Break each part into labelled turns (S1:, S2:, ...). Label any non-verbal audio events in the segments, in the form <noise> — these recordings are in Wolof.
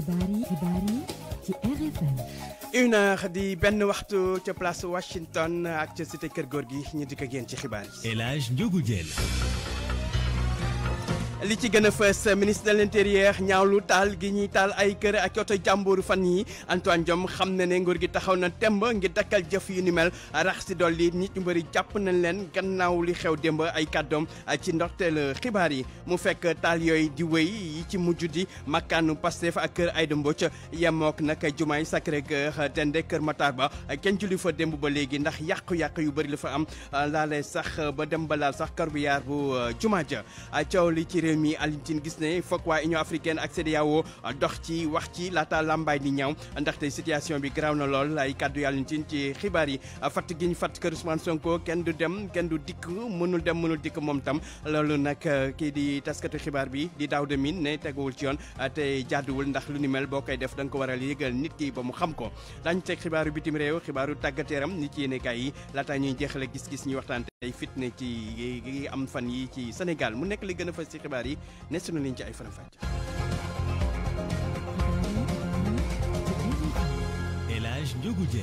S1: xibaar yi ci RFM
S2: une di benn waxtu ca place Washington ak ca cité kër góor gi ñu dikk génn ci xibaar yi. El Hadj Ndiogou li ci gën a fës ministre de l'intérieur ñaawlu taal gi ñuy taal ay kër ak oto jàmbur fan yi Antoine Diome xam na ne nguur gi taxaw na temb ngir dakkal jëf yu ni mel rax si dolli nit ñu bëri jàpp nañ leen gannaaw li xew demb ay kàddoom ci ndorteel xibaar yi mu fekk taal yooyu di wéy yi ci mujj di makkaanu Pastef ak kër ay Aïda ca yemook nag jumaay Sacré-Cœur Tendé Kër Matar Ba kenn julli fa démb ba léegi ndax yàqu-yàqu yu bari la fa am laale sax ba dem ba sax karbiyaar bu euh, jumaa ja coow li ci réew mi Alioune gis ne foog waa Union africaine ak CEDEAO dox ci wax ci laata làmbaay di ñaaw ndaxte situation bi garaaw na lool ay kàddu Alioune Tine ci xibaar yi fatt gi ñu fatt kër Ousmane Sonko kenn du dem kenn du dikk mënul dem mënul dikk moom tam loolu nag kii di taskatu xibaar bi di Daouda Mine ne teguwul ci yoon te jàdduwul ndax lu ni mel boo koy def da ko war a yëgal nit ki ba mu xam ko daañu teg xibaaru bitim réew xibaaru tàggat yaram nit yi yéene yi laata ñuy jeexale gis-gis ñuy waxtaan ay fitne ci yi am fan yi ci Sénégal mu nekk li gën a fas ci xibaar yi ne sunu leen ci ay faram-fàcce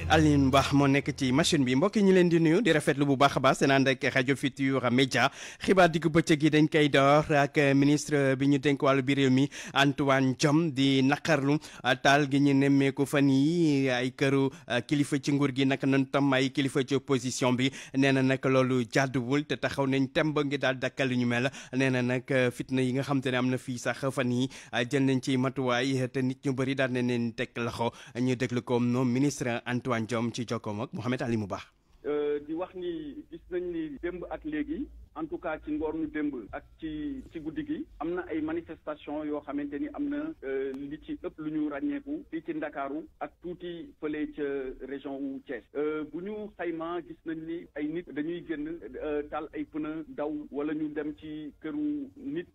S2: Alioune Ba moo nekk ci machine bi mbokki ñi leen di nuyu di rafetlu bu baax a baax seen ànd ak rajo Futurs Médias xibaar diggu bëccëg yi dañ koy door ak ministre bi ñu dénk wàllu biir réew mi Antoine Diome di naqarlu taal gi ñu nemmeeku fan yi ay këru euh, kilifa ci nguur gi nag nan tam ay kilifa ci opposition bi nee na nag loolu jàdduwul te taxaw nañ temb ngi daal dakkal ñu mel nee na nag euh, fitna yi nga xam te ne am na fii sax fan yi euh, jël nañ ci matuwaay te nit ñu bëri Antoine Diom ci jokkoom Mohamed Ali Mouba. Euh,
S3: di wax ni gis nañ ni demb ak légui en tout cas ci ngornu demb ak ci ci guddi gi am na ay manifestation yoo xamante ni am na euh, li ci ëpp lu ñu ràññeeku fii ci Ndakaaru ak tuuti fële ca région wu Thiès euh, bu ñu xayma gis nañ ni ay nit dañuy génn euh, tal ay pneu daw wala ñu dem ci këru nit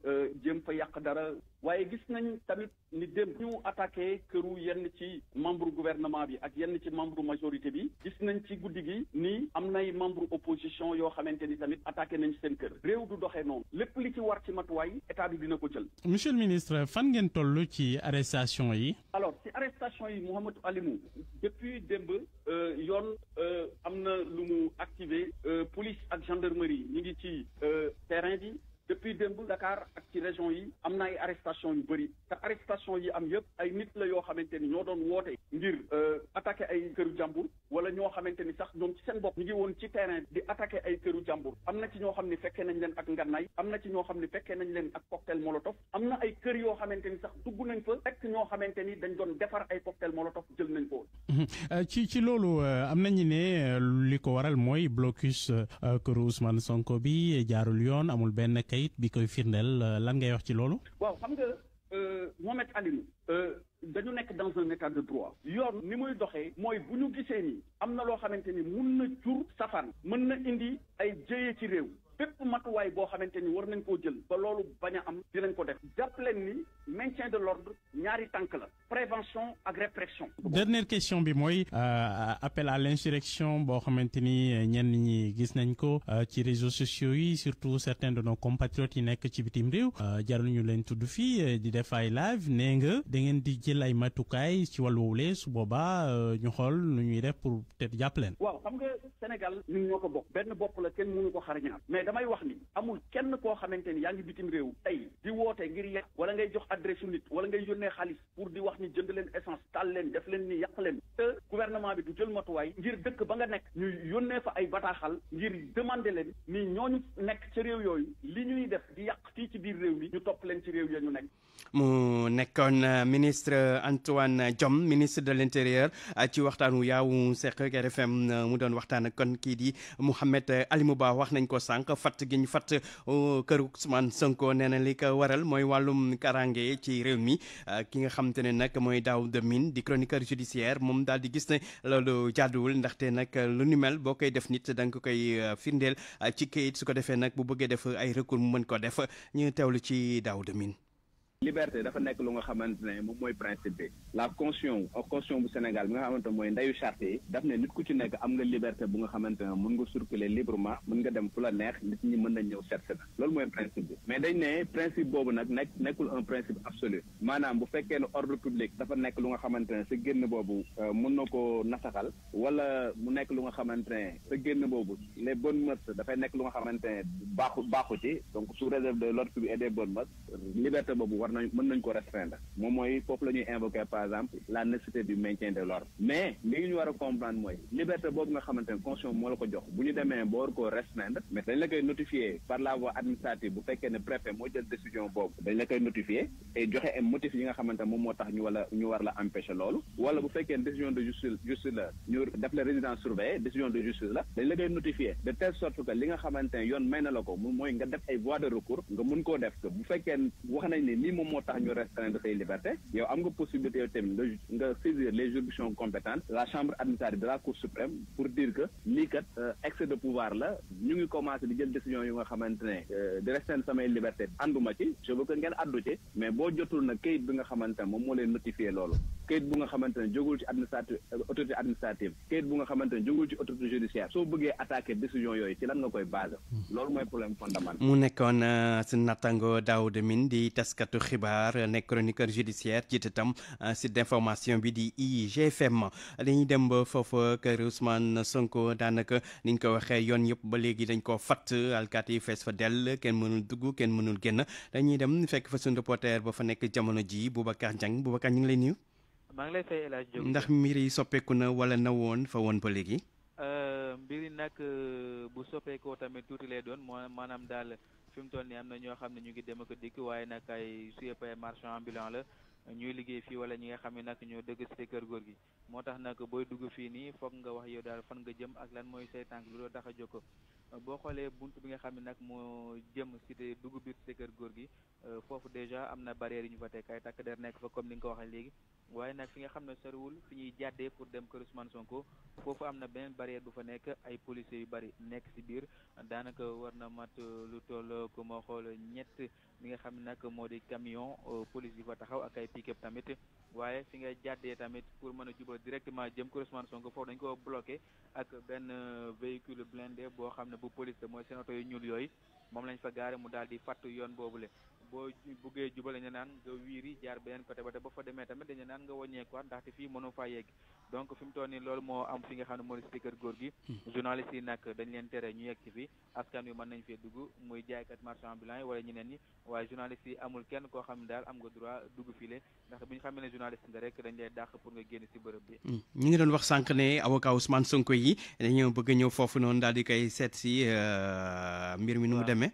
S3: jëm fa yàq dara waaye gis nañ tamit ni dem ñu attaqué këru yenn
S4: ci membre gouvernement bi ak yenn ci membre majorité bi gis nañ ci guddi gi ni am nay membre opposition yoo xamante ni tamit attaqué nañ seen kër réew du doxee noonu lépp li ci war ci matuwaay état bi dina ko jël.
S5: monsieur le ministre fan ngeen toll ci arrestation yi.
S4: alors ci arrestation yi Mouhamadou Alimou depuis démb euh, yoon euh, am na lu mu activé euh, police ak gendarmerie ñu ngi ci terrain bi depuis démb Dakar ak ci région yi am na ay arrestation yu bari te arrestation yi am yëpp ay nit la yoo xamante ni ñoo doon woote ngir euh, attaquer ay këru jàmbur wala ñoo xamante ni sax ñoom ci seen bopp ñu ngi woon ci terrain di attaquer ay këru jàmbur am na ci ñoo xam ne fekkee nañ leen ak ngànnaay am na ci ñoo xam ne fekkee nañ leen ak cocktail molotov am na ay kër yoo xamante ni sax dugg nañ fa fekk ñoo xamante ni dañ doon defar ay cocktail molotov
S5: jël nañ ko hum, euh, ci ci loolu euh, am nañu ne li ko waral mooy blocus këru Ousmane Sonko bi jaarul yoon amul benn kay kayit bi koy firndeel euh, lan ngay wax ci loolu.
S4: waaw xam nga euh, Mohamed Aliou. Euh, dañu nekk dans un état de droit yoon ni muy doxee mooy bu ñu gisee ni am na loo xamante ni mun na jur safaan mën na indi ay jëye ci réew bépp matuwaay boo xamante ni war nañ koo jël ba loolu bañ a am dinañ ko def jàpp leen ni maintien de l'ordre ñaari tànk la prévention ak
S5: répression. dernière question bi mooy euh, appel à l'insurrection boo xamante ni euh, ñenn ñi gis nañ ko euh, ci réseaux sociaux yi surtout certains de nos compatriotes yi nekk ci bitim réew jarul ñu leen tudd fii di def ay live nee nga da ngeen di jël ay matukaay ci wàllu woowule su boobaa ñu xool nu ñuy def pour peut-être jàpp leen.
S6: waaw xam nga Sénégal
S4: ñun ñoo ko bokk benn bopp la kenn mënu ko xar ñaar damay wax ni amul kenn koo xamante ni yaa ngi bitim réew tey di woote ngir wala ngay jox adresse nit wala ngay yónnee xaalis pour di wax ni jënd leen essence tal leen def leen ni yàq leen te gouvernement bi du jël matuwaay ngir dëkk ba nga nekk ñu yónnee fa ay bataaxal ngir demander leen ni ñooñu nekk ci réew yooyu li ñuy def di yàq fii ci biir
S3: réew mi ñu topp leen ci réew ya ñu nekk
S2: ñu nekkoon euh, ministre euh, Antoine jom ministre de l'intérieur euh, ci waxtaanu yaawu seq RFM mu doon waxtaan kon kii di Mouhamed Alimou Ba wax nañ ko sànq fat gi ñu fatt Ousmane Sonko nee na li ko waral mooy wàllum karange ci réew mi ki nga xam te ne nag mooy Daoud Mine di chroniqueur judiciaire moom daal di gis ne loolu jaaduwul ndaxte nag lu ni mel boo koy def nit da nga koy firndeel ci kayit su ko defee nag bu bëggee def ay recours mu mën ko def ñu teewlu ci Mine
S3: liberté dafa nek lu nga xamantene ne moom principe la conscience au conscience bu Sénégal nga xamantene moy mooy charte daf ne nit ku ci nek am nga liberté bu nga xamantene mën nga circuler librement mën nga dem fu la neex nit ñi mën na ñew seet si la loolu principe mais dañ ne principe bobu nak nekk nekkul un principe absolu manam bu fekkee ne ordre public dafa nek lu nga xamantene ne sa génn bobu euh, mën na koo nasaxal wala mu nek lu nga xamantene ne sa génn bobu les bonnes mœurs dafa nek lu nga xamantene baxu baaxu ci donc sous réserve de l'ordre public et des bonnes mœurs liberté bobu war nañ mën nañ ko restreindre moom mooy foofu la ñuy invoquer par exemple la nécessité du maintien de l'ordre mais li ngi ñu war a comprendre mooy liberté boobu nga xamante ne constitution moo la ko jox bu ñu demee ba war koo restreindre mais dañ la koy notifier par la voie administrative bu fekkee ne préfet moo jël décision boobu dañ la koy notifier et joxe ay motif yi nga xamante ne moom moo tax ñu wala ñu war la empêcher loolu wala bu fekkee décision de justice justice la ñu def la résidence surveillée décision de justice la dañ la koy notifier de telle sorte que li nga xamante ne yoon may na la ko moom mooy nga def ay voies de recours nga mun koo def bu fekkee wax nañ ne moom moo tax ñu restreindre say liberté yow am nga possibilité yow tamit nga saisir les juridictions compétentes la chambre administrative de la cour suprême pour dire que lii euh, excès de pouvoir la ñu ngi commencé di jël décision yu nga xamante euh, di restreindre samay liberté ànduma ci je veux ngeen àddu mais boo jotul nag kayit bi nga xamante moom moo leen notifié loolu kayit bu nga xamante jógul ci administrative euh, autorité administrative kayit
S2: xibaar nekk chroniqueur judiciaire jiite tam euh, site d'information bi di IGFM dañuy dem ba foofa kër Ousmane Sonko daanaka ni ñu ko waxee yoon yëpp ba léegi dañ ko fatt alkaati yi fees fa dell kenn mënul dugg kenn mënul génn dañuy dem fekk fa suñu reporter ba fa nekk jamono ji Boubacar Dieng Boubacar ñu ngi lay nuyu.
S7: maa ngi lay fay El Hadj ndax mbir
S2: yi na wala na woon fa woon ba léegi.
S7: Euh, mbir yi nag euh, bu soppeekoo tamit tuuti lay doon maanaam daal. fi mu toll nii am na ñoo xam ne ñu ngi dem a ko dikk waaye nag ay suyep ay marchand ambulant la ñuy liggéey fii wala ñi nga xam ne nag ñoo dëgg cité kër góor gi moo tax nag booy dugg fii nii foog nga wax yow daal fan nga jëm ak lan mooy say tànk lu doo tax a jóg boo xoolee bunt bi nga xam ne nag moo jëm cité dugub biir cité kër góor gi euh, foofu déjà am na barrière yu ñu fa teg ay takk der nekk fa comme ni nga ko waxee léegi waaye nag fi nga xam ne soriwul fi ñuy jàddee pour dem kër Ousmane Sonko foofu am na beneen barrière bu fa nekk ay policiers yu bari nekk ci biir daanaka war na mat euh, lu toll ko moo xool ñett li nga xam ne nag moo di camion euh, police yi fa taxaw a ay pick-up tamit waaye fi nga jàddee tamit pour mën a jubal directement jëm kër Ousmane Sonko foofu dañ ko bloqué ak benn euh, véhicule blindé boo xam ne bu police la mooy seen oto yu ñuul yooyu moom lañ fa gaare mu daal di fàttu yoon boobu boobule boo buggee juba la ñu naan nga wiiri jaar beneen côté ba te ba demee tamit dañu naan nga wàññeekuwaat ah, ndaxte fii mënoo faa yegg donc fi mu toll nii loolu moo am fi nga xam ne moo di si kër góor gi hmm. journaliste nag dañ leen tere ñu yegg ci fi askan wi mën nañ fee dugg muy jaaykat marchand ambulant yi wala ñu ñeneen ñi waaye journaliste yi amul kenn ko xam ne daal am nga droit dugg file ndaxte bu ñu xamee ne journaliste nga rek dañ lay dàq pour nga génn si bërëb bi
S2: hmm. ñu ngi doon wax sànq ne avocat Ousmane Sonko yi dañoo bëgg ñëw foofu noonu daal di koy seet si euh, mbir mi nu demee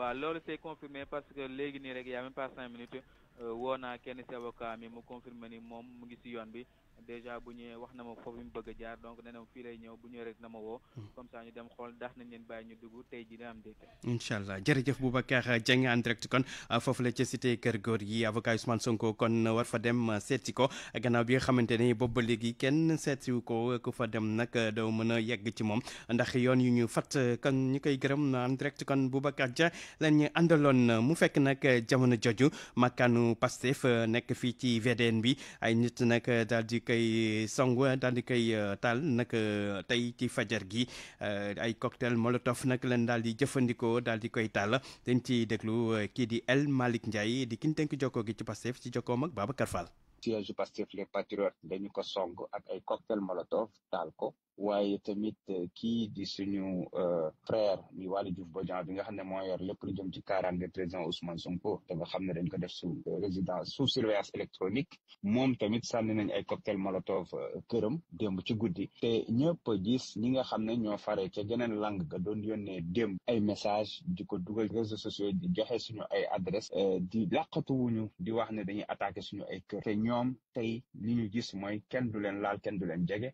S7: Alors, c'est confirmé parce que léegi nii rek a même pas 5 minutes euh, woo naa kenn ci avocat mi mu confirmé ni moom mu ngi ci yoon bi déjà bu ñëwee wax na ma foofu mu bëgg a jaar donc nee na lay ñëw bu ñëwee rek na ma woo. Hmm. comme ça ñu dem xool daax nañ leen bàyyi ñu dugg tey ji dina am déet.
S2: incha allah jërëjëf Boubacar Dieng en direct kon la ca cité kër góor yi avocat Ousmane Sonko kon war fa dem euh, seeti ko gannaaw bi nga xamante ne boobu ba léegi kenn seetiwu ko ku fa dem nag euh, doo mën a yegg ci moom ndax yoon yu ñu fat euh, kon ñu koy gërëm en direct kon Boubacar Dieng lañ ñu àndaloon mu fekk nag jamono joju makkaanu Pastef nekk fii ci VDN bi ay nit nag daal Kay songu daal di koy eh, taal nag eh, tey ci fajar gi eh, ay cocktail molotov nak leen daal di jëfandikoo daal di koy taal dañ ci déglu kii di El Malik Ndiaye di kin joko jokkoo gi ci Pastef ci jokkoom ak Babacar Fall
S8: siège Pastef les patriotes dañu ko song ak ay cocktail molotov taal ko waaye tamit eh, kii di suñu eh, frère mi Waly ba Bodian bi nga xam ne moo yor lépp lu jëm ci kaaraange président Ousmane Sonko te nga xam ne dañ ko def sous eh, résidence sous surveillance électronique moom tamit sànni nañ ay cocktail molotov këram démb ci guddi te ñëpp gis ñi nga xam ne ñoo fare ca geneen langue ga doon yónnee démb ay message di ko dugal réseaux sociaux di joxe suñu ay adresse di làqatuwuñu di wax ne dañuy attaqué suñu ay kër te ñoom tey li ñu gis mooy kenn du leen laal kenn du leen jege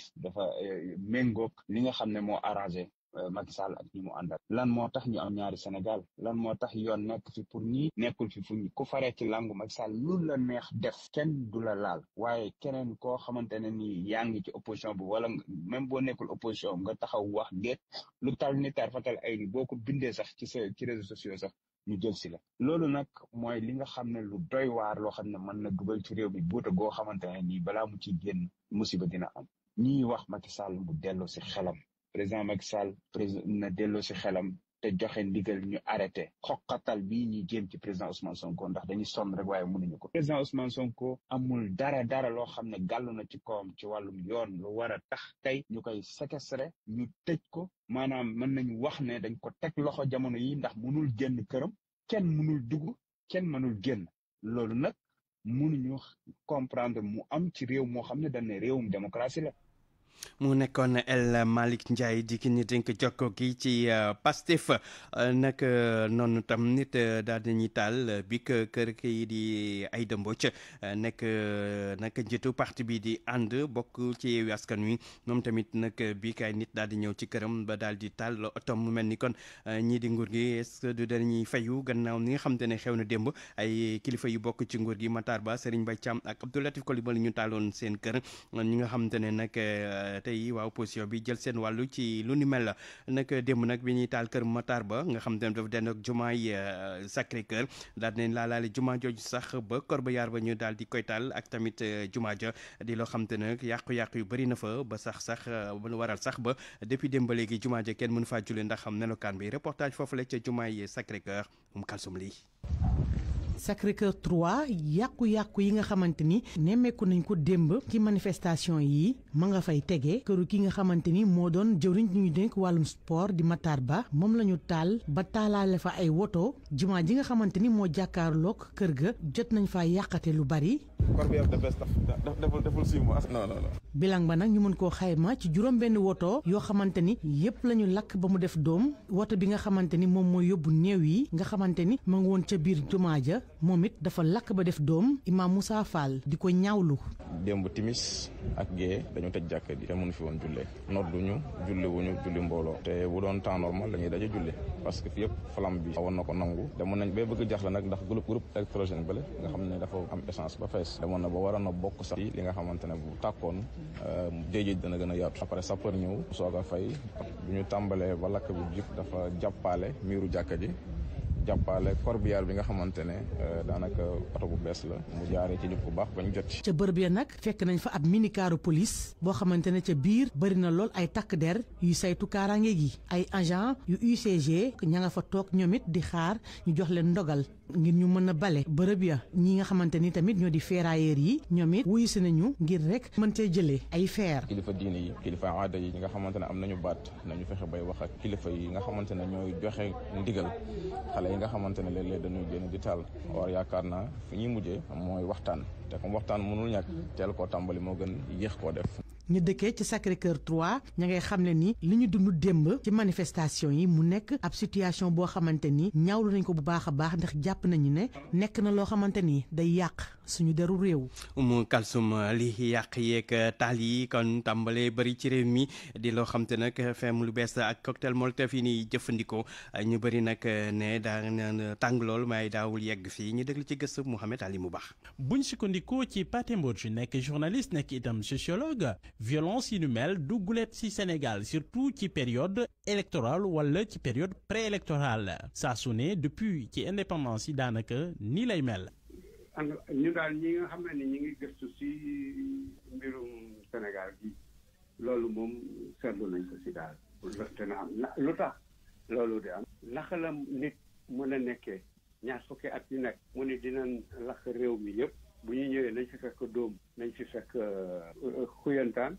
S8: def dafa eh, méngoog li nga xam ne moo arrangé eh, Macky Sall ak ni mu àndal lan moo tax ñu am ñaari Sénégal lan moo tax yoon nekk fi pour ñii nekkul fi fu ñu ku faree ci langu Macky Sall lu la neex def kenn du la laal waaye keneen koo xamante ne ni yaa ngi ci opposition bi wala même boo nekkul opposition nga taxaw wax déet lu tal ni tar fatal ay ni boo ko bindee sax ci sa ci réseaux sociaux sax ñu jël si la loolu nag mooy li nga xam ne lu doy waar loo xam ne man na dugal ci réew mi buuta goo xamante ne nii balaa mu ciy génn musiba dina ni wax Macky Sall mu dello ci xelam président Macky Sall na dello ci xelam te joxe ndigal ñu arrêté xoqatal bi ñi jëm ci président Ousmane Sonko ndax dañuy sonn rek waye mënuñu ko président Ousmane Sonko amul dara dara lo xamne ne gàllu na ci koom ci walum yoon lu wara tax tay ñukay séquestré ñu tëj ko manam mën nañu wax ne dañ ko tek loxo jamono yi ndax mënul génn kërëm kenn mënul dugg kenn mënul génn loolu nak mënuñu comprendre mu am ci réew moo xam ne dañ ne réewum démocratie la
S2: mu nekkoon El malik Ndiaye di ki ñu dénk jokko gi ci euh, Pastef euh, nag euh, noonu tam nit daal nañu taal bi kër ki di ay Aïda Mbodj nekk nag njiitu parti bi di ànd bokk ci Yewwi Askan Wi moom tamit nag bi kay nit daal di ñëw ci këram ba daal di taal otom mu mel ni kon ñii di nguur gi est-ce que du dañuy fayu gannaaw ni nga xam ne xew na démb ay kilifa yu bokk ci nguur gi Matar Ba Serigne Mbaye Thiam ak Abdou Latif Coulibaly ñu taaloon seen kër ñi nga xam n nag tey waaw opposition bi jël seen wàllu ci lu ni mel la nag démb nag bi ñuy taal kër Matar ba nga xam te ne dafa den jumaa jumaay euh, Sacré Cœur daal dinañ laalaale jumaa jooju sax ba Corbeillard ba ñu daal di koy taal ak tamit euh, jumaa ja di loo xam te ne yàqu-yàqu yu bëri na fa ba sax sax euh, waral sax ba depuis démb ba léegi jumaa ja kenn mënu faa julli ndax xam melokaan bi reportage foofu la ca jumaay Sacré Cœur mu um kalsum lii
S1: Sacré Cœur 3 yàqu-yàqu yi nga xamante ni nemmeeku nañ ko démb ci manifestation yi ma nga fay tege këru ki nga xamante ni moo doon jëwriñ ñuy dénk wàllum sport di Matar Ba moom la ñu taal ba taalaale fa ay woto jumaa ji nga xamante ni moo jàkkaarloog kër ga jot nañ faa yàqate lu bari. bilang ba nag ñu mën koo xayma ci juróom benn woto yoo xamante ni yépp la lakk ba mu def doom woto bi nga xamante ni moom mooy yóbbu néew yi nga xamante ni ma ngi woon ca biir jumaa ja momit dafa lak ba def dom imam Moussa Fall di ko ñaawlu.
S9: démb timis ak ge dañu tej jakka ji te fi won julle noddu ñu julle wuñu julli mbolo te bu doon temps normal la ñuy daje parce que fi flam bi awon nako nangu demoon nañ be bëgg jaxla nak ndax groupe groupe électrogène bële nga xam dafa am essence ba fess demoon na ba wara na bokk sax li nga xamantene bu bu euh jéejéej dana gëna yaatu après sa peur soog soga fay ñu ba lak bi jib dafa jappalé miru jakka ji jàppale corbillard bi nga xamante ne euh, daanaka oto bu bees la mu jaaree ci nit ku baax bañ jot
S1: ca bërëb ya nag fekk nañ fa ab mini kaaru police boo xamante ne ca biir bëri na lool ay takk der yu saytu kaaraange gi ay agent yu UCG ña nga fa toog ñoom it di xaar ñu jox leen ndogal. ngir ñu mën a bale bërëb ya ñi nga xamante ni tamit ñoo di ferrailleurs yi ñoom it wuyu si nañu ngir rek mën cee jëlee ay feer
S9: kilifa diine yi kilifa aada yi ñi nga xamante ne am nañu baat nañu fexe bay wax ak kilifa yi nga xamante ne ñooy joxe ndigal xale yi nga xamante ne léeg-léeg dañuy génn di taal war yaakaar naa fi ñuy mujjee mooy waxtaan te comme waxtaan mënul ñàkk teel koo tàmbali moo gën yéex koo def
S1: ñu dëkkee ci Sacré Cœur trois ña ngay xam ne ni li ñu dund démb ci manifestation yi mu nekk ab situation boo xamante ni ñaawlu nañ ko bu baax a baax ndax jàpp nañu ne nekk na loo xamante ni day yàq suñu deru réew.
S2: Umu Kalsum li yàq yeeg taal yi kon tàmbalee bari ci réew mi di loo xam te nag fem lu bees ak cocktail molotov yi ni jëfandikoo ñu bari nag ne daan tàng lool may daawul yegg fii ñu déglu ci gëstu Mouhamed Ali mu bax
S5: buñ sukkandikoo ci Pathé Mbodj nekk journaliste nekk itam sociologue violence yi nu mel du gulet ci Sénégal surtout ci période électorale wala ci période préélectorale saa su ne depuis ci indépendance yi daanaka ni lay mel.
S3: ànd ñu daal ñi nga xam ne ñu ngi gëstu si mbirum senegal bi loolu moom seetlu nañ ko si daal dana am lu tax loolu di am naka la nit mën a nekke ñaar sukki at yu nekk mu ne dinañ lakk réew mi yëpp bu ñu ñëwee nañ fi fekk dóom nañ fi fekk euh, xuyantaan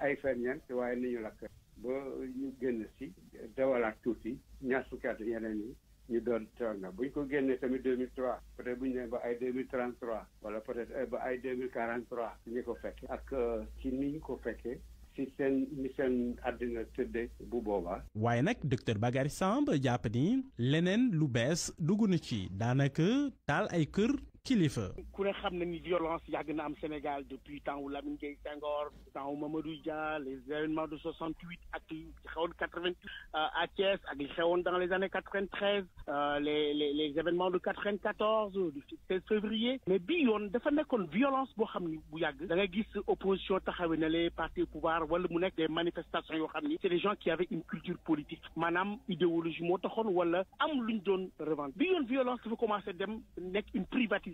S3: ay ferñeent waaye nañu lakk ba ñu génn si dawalaat tuuti ñaar fukki at yeneen yi ñu doon teew na bu ñu ko génnee tamit 2003 peut-être bu ñu nee ba ay 2033 wala peut-être ba ay 2043 ñu ko fekkee ak euh, ci ni ñu ko fekkee. ci seen ni seen àddina tëddee
S5: bu boobaa. waaye nag docteur Bagary Samb jàpp ni leneen lu bees dugg na ci daanaka taal ay kër kilifa.
S4: ku ne xam ni violence yàgg na am Sénégal depuis temps wu Lamine Gueye Senghor temps wu Mamadou Dia les événements de 68 ak li xewoon 88 euh, à Thiès ak li xewoon dans les années 93 euh, les les les événements de 94 du 16 février. mais bii yoon dafa nekkoon violence boo xam ni bu yàgg. da nga gis opposition taxawee na les partis au pouvoir wala mu nekk des manifestations yoo xam ni. c'est des gens qui avaient une culture politique maanaam idéologie moo taxoon wala am luñ doon revendre bi yoon violence dafa commencé dem nekk une privatisation.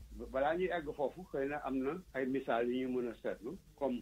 S3: balaa ñuy egg foofu xëy na am na ay misaal yu ñu mën a seetlu comme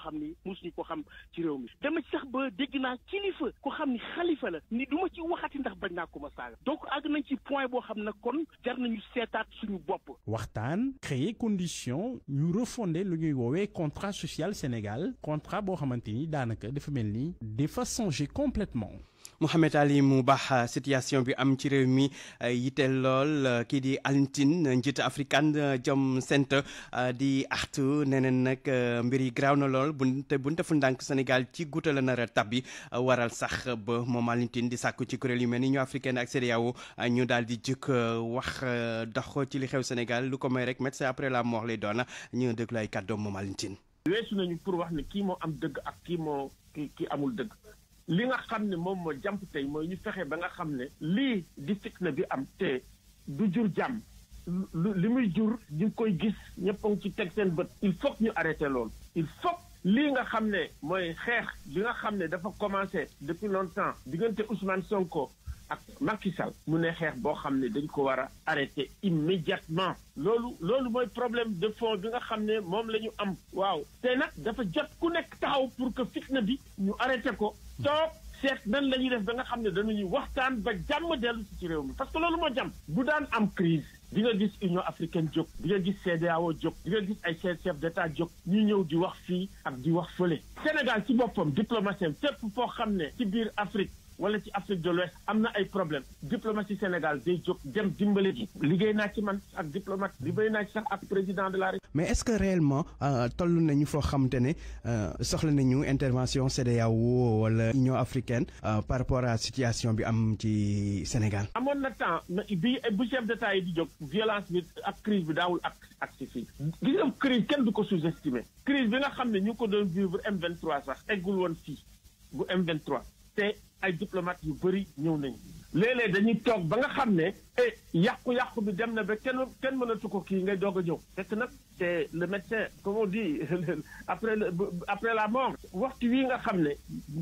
S4: xam ni musuñu ko xam ci réew mi dama ci sax ba dégg naa kilifa ko xam ni xalifa la ni du ma ci waxati ndax bañ naa ko ma saaga donc àgg nañ ci point boo xam ne kon jar nañu seetaat suñu bopp
S5: waxtaan créer condition ñu refonder lu ñuy woowee contrat social Sénégal contrat boo xamante ni daanaka dafa mel ni dafa complètement
S2: Mouhamed Ali mu baax situation bi am ci réew mi yitteel lool kii di Alioune Tine njiitu African Jom Center di artu neneen nag mbir yi graaw na lool bu te bu defu ndànk Sénégal ci guuta la nar a tabbi waral sax ba moom Alioune di sàkku ci kuréel yu mel ni ñu africaine ak CEDEAO ñu daal di jëkk wax dox ci li xew Sénégal lu ko may rek médecin après la mort lay doona ñu déglu ay kàddoom moom Alioune Tine
S4: weesu nañu pour wax ne kii moo am dëgg ak kii moo kii kii amul dëgg li nga xam ne moom moo jàmp tey mooy ñu fexe ba nga xam ne lii di fitna bi am te du jur jàmm li muy jur ñu koy gis ñëpp a ngi ci teg seen bët il faut ñu arrêté loolu il faut lii nga xam ne mooy xeex bi nga xam ne dafa commencé depuis longtemps diggante Ousmane Sonko ak Macky Sall mu ne xeex boo xam ne dañ ko war a arrêté immédiatement loolu loolu mooy problème de fond bi nga xam ne moom la ñu am waaw te nag dafa jot ku nekk taxaw pour que fitna bi ñu arrêté ko toog seet nan la def ba nga xam ne dañuy waxtaan ba jàmm dellu ci réew mi parce que loolu moo jàmm bu daan am crise di nga gis Union africaine jóg di nga gis CEDEAO jóg di nga gis ay chef d'état jóg ñu ñëw di wax fii ak di wax fële Sénégal ci boppam diplomatie fépp foo xam ne ci biir Afrique wala ci Afrique de l'Ouest am na ay problème diplomatie Sénégal day jóg dem dimbali ji liggéey naa ci man ak diplomate liggéey naa ci sax ak président de la République.
S2: mais est-ce que réellement euh, toll nañu foo xamante ne euh, soxla nañu intervention ou wala Union africaine euh, par rapport à situation bi am ci Sénégal.
S4: amoon na temps bi bu chef d'État yi di jóg violence bi ak crise bi daawul ak ak si fii gis nga crise kenn du ko sous-estimer crise bi nga xam ne ñu ko doon vivre M23 sax eggul woon fii bu M23 te ay diplomate yu bari ñëw nañ léeg-léeg dañuy toog ba nga xam ne eh yàqu-yàqu bi dem na ba kenn kenn mënatu ko kii ngay doog a ñëw fekk nag te le médecin comme on dit <laughs> après après la mort waxtu wii nga xam ne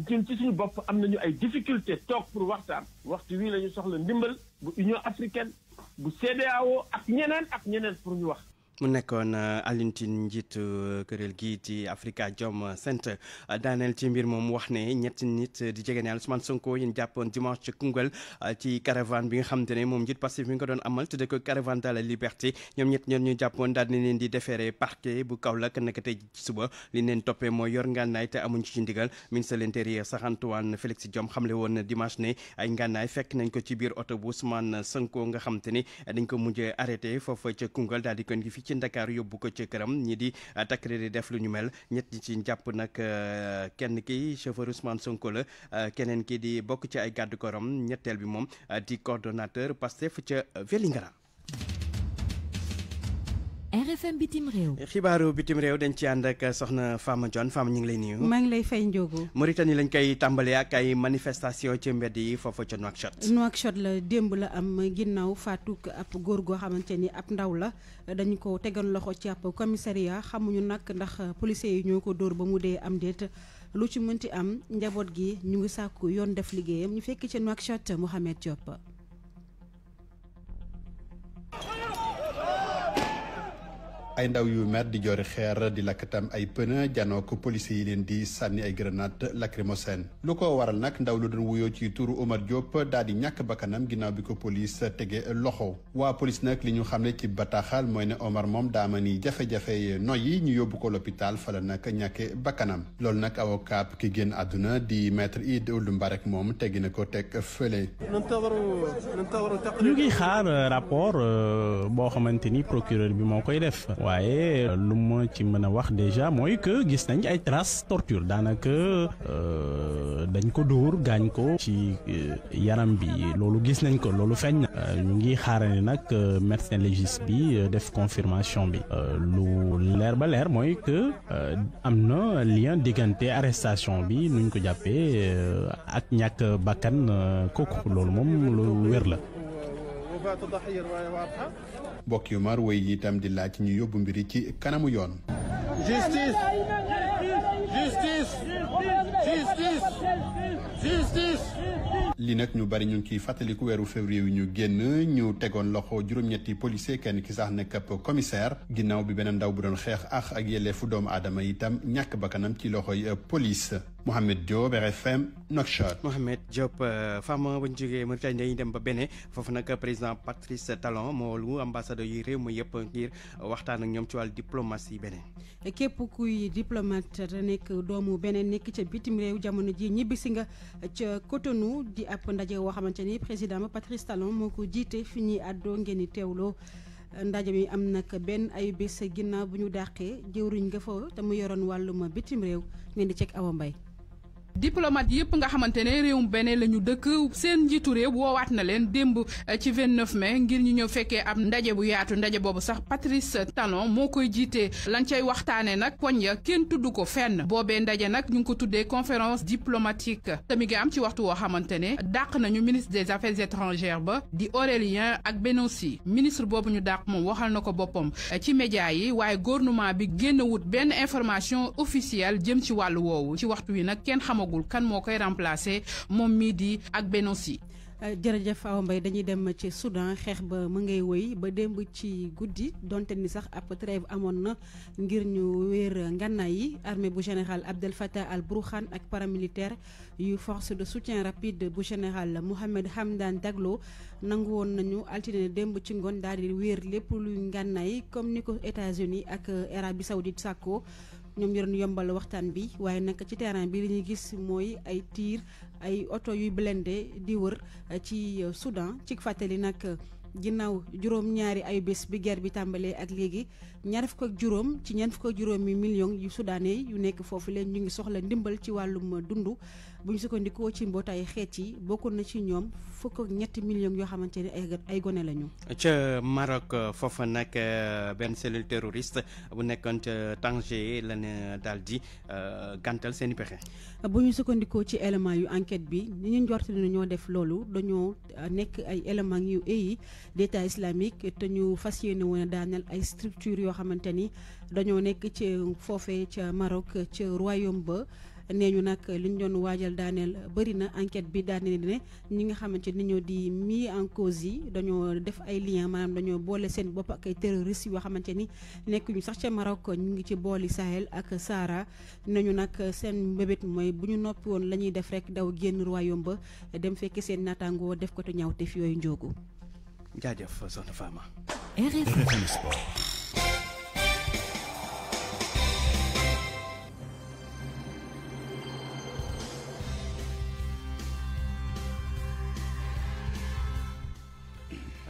S4: ñun ci suñu bopp am nañu ay difficulté toog pour waxtaan waxtu wii la ñu soxla ndimbal bu Union africaine bu CDAO ak ñeneen ak ñeneen pour ñu wax
S2: mu nekkoon euh, Alioune njiit njiitu euh, kuréel gii di Afrikajom Center euh, daaneel ci mbir moom wax ne ñetti nit di jege ne Ousmane Sonko yéen jàppoon dimanche ci Koungheul ci caravane bi nga xamante ne moom njiit Pastef mi nga ko doon amal tudde ko caravane de la liberté ñoom ñett ñoom ñu jàppoon daal di leen di defeere parquet bu Kaolack naka tey suba li neen toppee mooy yor ngànnaay te amuñ ci ndigal ministre de l'intérieur sax Antoine Félix Diome xamle woon dimanche ne ay ngànnaay fekk nañ ko ci biir oto bu Ousmane Sonko nga xamante ne dañ ko mujjee arrêté foofa Koungheul daal di ko ci Ndakaaru yóbbu ko ci këram ñi di ah, takk di def lu ñu mel ñett ñi ci jàpp nag ah, kenn ki chauffeur Ousmane Sonko la ah, keneen ki di bokk ci ay gàddu korom ñetteel bi moom di coordonnateur Pastef ca Vélingara RFM bitim réew. xibaaru bitim réew dañ ci ànd ak soxna Fama John Fama ñu ngi lay nuyu. maa
S10: ngi lay fay Ndiogo.
S2: Mauritanie lañ koy tàmbalee ak ay manifestation ci mbedd yi foofa ca Nouakchott.
S10: Nouakchott la démb la am ginnaaw faatuk ab góor goo xamante ni ab ndaw la dañ ko tegan loxo ci ab commissariat xamuñu nag ndax policiers yi ñoo ko dóor ba mu dee am déet. lu ci mënti am njaboot gi ñu ngi sàkku yoon def liggéeyam ñu fekk ca Nouakchott Mouhamed Diop.
S11: ay ndaw yu mer di jori xeer di lakk tam ay pene jano ko police yi len di sanni ay grenade lacrymogène lu ko waral nak ndaw lu doon wuyo ci touru Omar Diop dal di ñak bakanam ginaaw bi ko police tege loxo wa police nak li ñu ci bataxal moy ne Omar mom dama ni jafe-jafe yi ñu yobbu ko l'hôpital la nak ñaké bakanam lol nak avocat ki aduna di maître id Ould Mbarek mom teggi na ko teg fële
S5: ñu ngi xaar rapport euh, bo xamanteni procureur bi mo koy def waaye lu ma ci mën a wax déjà mooy que gis nañ ay traces torture daanaka euh, dañ ko dóor gaañ ko ci euh, yaram bi loolu gis nañ ko loolu feeñ na euh, ñu ngi xaarale nag médecin légiste bi def confirmation bi lu leer ba leer mooy que am na lien diggante arrestation bi nuñ ko jàppee ak ñàkk bakkan kooku loolu moom lu wér la
S11: mbokk yu mar woy itam di laaj ñu yóbbu mbiri ci kanamu yoon. justice
S6: justice justice
S11: li nag ñu bari ñu ngi ciy fàttaliku weeru février wi ñu génn ñu tegoon loxo juróom-ñetti policier kenn ki sax ne këpp commissaire ginnaaw bi beneen ndaw bu doon xeex ak yelleefu doomu aadama itam ñàkk bakkanam ci loxoy police. Mohamed Diop RFM
S2: Nouakchott. Mohamed Diop euh, Fama bu ñu jógee Mauritanie dañuy dem ba Bénin foofu nag président Patrice Talon moo lu ambassadeur yi réew mu yëpp ngir waxtaan ak ñoom ci wàllu diplomatie Bénin.
S10: képp kuy diplomate te nekk doomu beneen nekk ca bitim réew jamono ji ñibbi si nga ca Cotonou di ab ndaje woo xamante ni président Patrice Talon moo ko jiite fi ñuy àddoo ngeen di teewloo. ndaje mi am nag benn ay bés ginnaaw bu ñu dàqee jëwriñ nga fa te mu yoroon wàllum bitim réew ngeen di ceeg diplomate yëpp nga xamante ne réewum beneen la ñu dëkk seen njiitu réew woowaat na leen démb eh, ci 29 mais ngir ñu ñëw fekkee ab ndaje bu yaatu ndaje boobu sax Patrice Talon moo koy jiitee lan cay waxtaane nag poñ ya kenn tudd ko fenn boobee ndaje nag ñu ngi ko tuddee conférence diplomatique tamit nga am ci waxtu woo xamante ne dàq nañu ministre des affaires étrangères ba di Aurélien ak Benoît ministre boobu ñu dàq moom waxal na ko boppam eh, ci média yi waaye gouvernement bi génn benn information officielle jëm ci wàllu woowu ci waxtu wi nag kenn xamagul toogul kan moo koy remplacer mom mi di ak Benassi euh, jërëjëf Awa mbay dañuy dem ci Soudan xeex ba mu ngay wëy ba démb ci guddi donte ni sax ab trève amoon na ngir ñu wéer ngànnaay yi armée bu général Abdel Fattah al Burhan ak paramilitaire yu force de soutien rapide bu général Mohamed Hamdan Daglo nangu woon nañu altine démb ci ngoon daal di wéer lépp luy ngànnaay comme ni ko États-Unis ak Arabie Saoudite sàkko ñoom ñu doon yombal waxtaan bi waaye nag ci terrain bi li ñuy gis mooy ay tiir ay oto yuy blindé di wër eh, ci eh, Soudan ci fàttali nag eh, ginnaaw juróom-ñaari ay bés bi guerre bi tàmbalee ak léegi ñaar fukk ak juróom ci ñeent fukk ak juróomi millions yu soudanais yu nekk foofu leen ñu ngi soxla ndimbal ci wàllum dund. bu ñu sukkandikoo ci mbootaayu xeet yi bokkoon na ci ñoom fukk ak ñetti millions yoo xamante ne ay ay gone lañu.
S2: ca Maroc foofa nag euh, benn cellule terroriste bu nekkoon ca Tanger lañu daal di euh, gàntal seen i pexe.
S10: bu ñu sukkandikoo ci éléments yu enquête bi ni ñu njort ne ñoo def loolu dañoo euh, nekk ay éléments yu ay d'état islamique te ñu fas yéene woon a daaneel ay structures yoo xamante ni dañoo nekk ca foofe ca Maroc ca royaume ba. nee ñu nag li ñu doon waajal daaneel bëri na enquête bi daaneel ne ñi nga xamante ni ñoo di mis en cause yi dañoo def ay lien maanaam dañoo boole seen bopp ak ay terroristes yoo xamante ni nekkuñu sax ca Maroc ñu ngi ci booli Sahel ak saara nee ñu nag seen mbébét mooy bu ñu noppi woon la ñuy def rek daw génn royaume ba dem fekk seen naataangoo def ko te ñaawteef yooyu njóogu.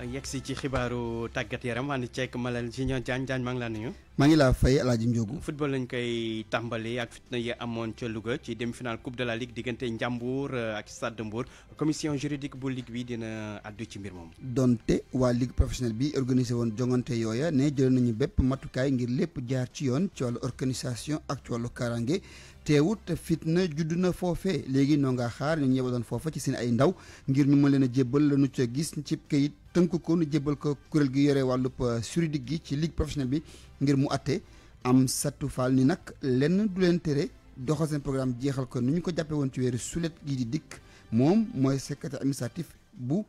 S2: yegg si ci xibaaru tàggat yaram ànd ceeg Malal Junior Diagne Diagne maa ngi laa maa ngi laa fay Alaaji Njóogu. football lañ koy tàmbali ak fitna yi amoon ca Louga ci demi-finale coupe de la ligue diggante Njàmbur euh, ak Stade Mbour commission juridique bu ligue bi dina àddu ci mbir moom.
S12: donte waa lig professionnelle bi organisé woon jongante yooya ne jël nañu bépp matukaay ngir lépp jaar ci yoon ci wàllu organisation ak ci wàllu kaaraange. teewut fitna judd na foofee léegi noo nga xaar ñu yebaloon foofa ci seen ay ndaw ngir ñu ma leen a jébbal la nu ca gis ci kayit tënk ko nu jébbal ko kuréel gi yore wàllub euh, juridique gi ci ligue professionnelle bi ngir mu atte am sattu faal ni nag lenn du leen tere doxal seen programme jeexal ko ni ñu ko jàppe woon ci weeru sulet gi di dikk moom mooy secrétaire administratif bu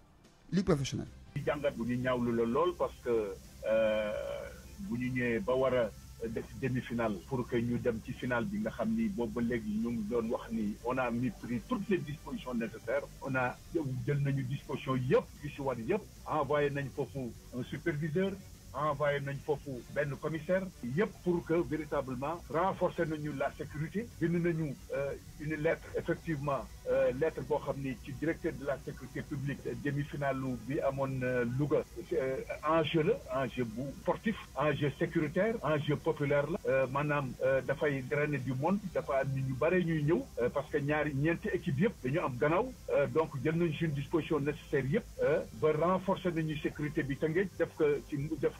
S12: ligue professionnelle.
S13: ci bu ñu ñaawlu la lool parce euh, ñëwee ba war def demi-finale pour que ñu dem ci finale bi nga xam ni boobu ba léegi ñu ngi doon wax ni on a mis pris toutes les dispositions nécessaires on a jël nañu dispositions yëpp yu si war yëpp envoyé nañ foofu un superviseur envoyer nañ fofu benn commissaire yépp pour que véritablement renforcer nañu la sécurité Nous nañu euh, une lettre effectivement euh, lettre boo xam directeur de la sécurité publique demi finale bi amoon euh, Louga enjeu la enjeu bu sportif enjeu sécuritaire enjeu populaire la maanaam dafay drainer du monde dafa am ñu bare ñuy ñëw parce que ñaari ñeenti équipe yëpp dañu am gannaaw donc jël nañu suñu disposition nécessaire pour renforcer nañu sécurité bi def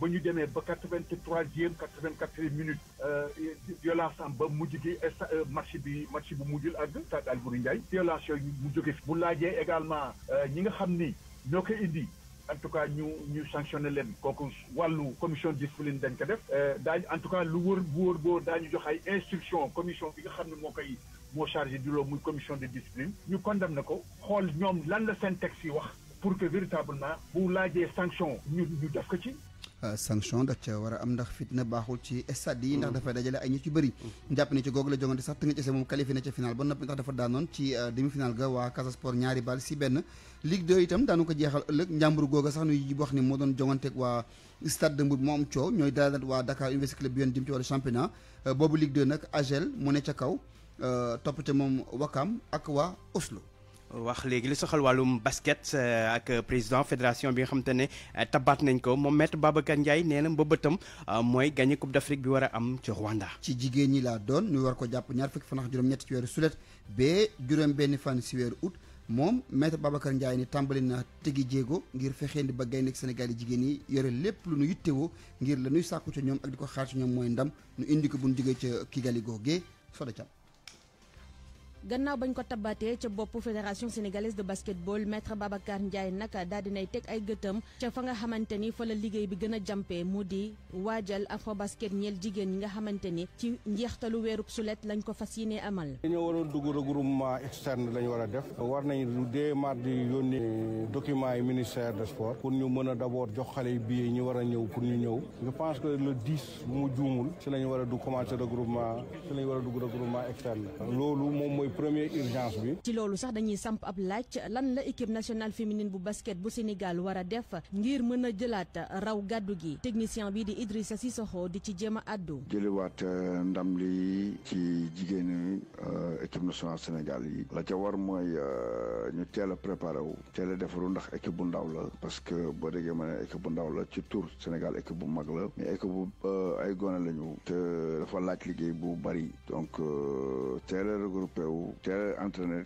S13: ba ñu demee ba 83 e troisième e minute euh, violence am ba mujj gi match bi match bu mujjul àgg stade Albouri Ndiaye violence yooyu mu jóge fi bu laajee également euh, ñi nga xam ni ñoo koy indi en tout cas ñu ñu sanctionné leen kooku wàllu commission discipline dañ ko def euh, daañu en tout cas lu wër bu wër boo daañu jox ay instruction commission bi nga xam ne moo koy moo chargé du loolu muy commission de discipline ñu condamné ko xool ñoom lan la seen texte yi wax pour que véritablement bu laajee sanction ñu ñu def ko ci
S12: Euh, sanction da ca war a am ndax fitna baaxul ci stade yi ndax mm. dafay dajale ay ñu ci bëri mm. jàpp ne ci googu la jongante sax Teungueth moom qualifié na ca final ba noppi ndax dafa daanoon ci euh, demi final ga waa Casa Sport ñaari bal si benn Ligue 2 itam daanu ko jeexal ëllëg njàmbur googa sax nuy wax ni moo doon jonganteeg waa Stade de Mbour moo am coow ñooy waa Dakar Université Club bi yoon jëm ci wàllu championnat euh, boobu Ligue 2 nag Agel mu ne ca kaw toppate moom Wakam ak waa
S2: Oslo wax léegi li soxal wàllum basket euh, ak président fédération bi nga xamante ne euh, tabaat nañ ko moom maître Babacar Ndiaye nee na mbëbëtam euh, mooy gagné coupe d'Afrique bi war a am ci Rwanda.
S12: ci jigéen ñi laa doon ñu war ko jàpp ñaar fekk fan ak juróom-ñett ci weeru sulet ba juróom benn fan si weeru août moom maître Babacar Ndiaye ni tàmbali na tegi jéego ngir fexe ni ba gaynde Sénégal yi jigéen yi yore lépp lu nu yittewoo ngir la nuy sàkku ca ñoom ak di ko xaar ñoom mooy ndam nu indi ko bu nu jógee ca Kigali googee Soda Thiam
S14: gannaaw bañ ko tabatee ca bopp fédération sénégalaise de basketball maître babacar ndiaye nag daal dinay teg ay gëtëm ca fa nga xamante ni fa la liggéey bi gën a jàmpee mu di waajal afro basket ñeel jigéen ñi nga xamante ni ci njeextalu weerub sulet lañ ko fas yéenee amal
S4: dañoo waroon dugg regroupement externe lañ war a def war nañ dès mardi yónni document yi ministère de sport pour ñu mën a d' abord jox xale yi billets ñu war a ñëw pour ñu ñëw je pense que le 10 mu juumul si lañ war a du commencé regroupement si lañ war a dugg regroupement externe loolu moom mooy mooy première bi.
S14: ci loolu sax dañuy samp ab laaj lan la équipe national féminine bu basket bu Sénégal war a def ngir mën a jëlaat raw gàddu gi technicien bi di Idrissa Sissoko di ci jéem a àddu.
S13: jëliwaat euh, ndam li ci jigéenu euh, équipe nationale Sénégal yi. la ca war mooy euh, ñu teel a préparé wu. teel a defaru ndax équipe bu ndaw la. parce que boo degee ma ne équipe bu ndaw la ci tour Sénégal équipe bu mag la. mais équipe bu ay gone lañu. te dafa laaj liggéey bu bari. donc teel a taxaw teel a entraîner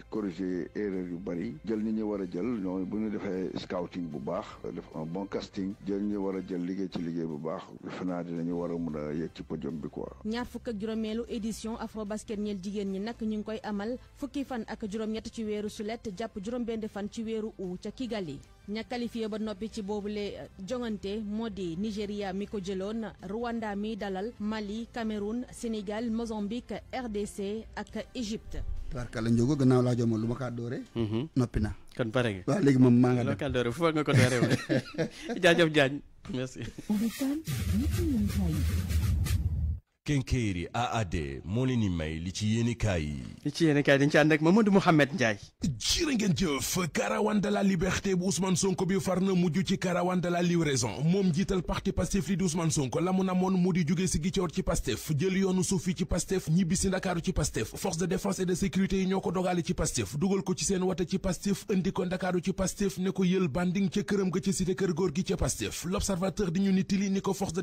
S13: yu bëri jël ñi ñu war a jël ñoo bu ñu defee scouting bu baax def un bon casting jël ñu war a jël liggéey ci liggéey bu baax defe naa dinañu war a mun a yegg ci podium bi quoi.
S14: ñaar fukk ak juróomeelu édition afrobasket ñeel jigéen ñi nag ñu ngi koy amal fukki fan ak juróom-ñett ci weeru sulet jàpp juróom-benn fan ci weeru u ca Kigali. ña qualifié ba noppi ci boobule eh, jongante moo di Nigéria mi ko jëloon Rwanda mi dalal Mali Cameroun Sénégal Mozambique RDC ak Égypte.
S12: tubaarkàlla Ndiogo gannaaw laa joomal lu ma kaa doore. Mhm. noppi na kon pare nga. waaw léegi moom maa nga def kaa doore fu nga ko doore woon <laughs> jaajëf
S2: Diagne merci. Kenkayri AAD moo leen di may li ci yéene kaay yi. li ci yéene kaay dañ ci ànd ak Mamadou Mouhamed Ndiaye.
S15: jërë ngeen jëf caravane de liberté bu Ousmane Sonko bi far na mujj ci caravane de la moom jiital parti Pastef li di Ousmane Sonko la mu namoon mu di jugee si ci Pastef jël yoonu suuf ci Pastef ñibbi si Ndakaaru ci Pastef force de défense et de sécurité yi ñoo ko dogale ci Pastef dugal ko ci seen wata ci Pastef indi ko Ndakaaru ci Pastef ni ko force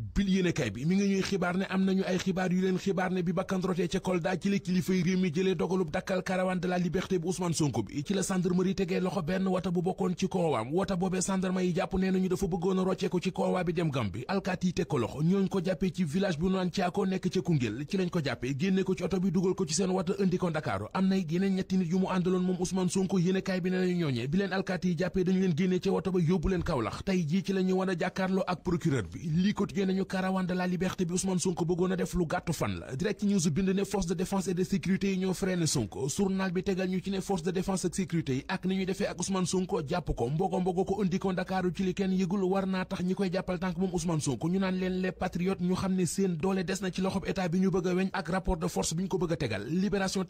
S15: Tribune yéenekaay bi mi ngi ñuy xibaar ne am nañu ay xibaar yu leen xibaar ne bi bakkan rotee ca Kolda ci la kilifa yi réew mi jëlee dogalub dakkal caravane de bu Ousmane Sonko bi ci la gendarmerie tegee loxo benn wata bu bokkoon ci koowaam wata boobee gendarme yi jàpp nee nañu dafa bëggoon a rocceeku ci koowaa bi dem Gambie alkaati teg ko loxo ñooñ ko jàppee ci village bu naan Thiako nekk ca Koungheul ci lañ ko jàppee génne ko ci oto bi dugal ko ci seen wata indi ko Dakar am na yeneen ñetti nit yu mu àndaloon moom Ousmane Sonko yéenekaay bi ne nañu ñooñee bi leen alkaati yi jàppee dañu leen génne ca wata leen Kaolack tey jii ci la ñu war a jàkkaarloo ak bi caravane de bi Ousmane Sonko bëggoon def lu gàttu fan la direct news bind ne force de défense et de sécurité yi ñoo freiné Sonko journal bi tegal ñu ci ne force de défense ak ni ñu defee ak Ousmane Sonko jàpp ko mbogo mbogo ko indi Ndakaaru ci li kenn yëgul war naa tax ñi koy jàppal tànk moom Ousmane Sonko ñu naan leen les patriotes ñu xam ne seen doole des na ci loxob état bi ñu bëgg weñ ak rapport de force bi ñu ko bëgg tegal libération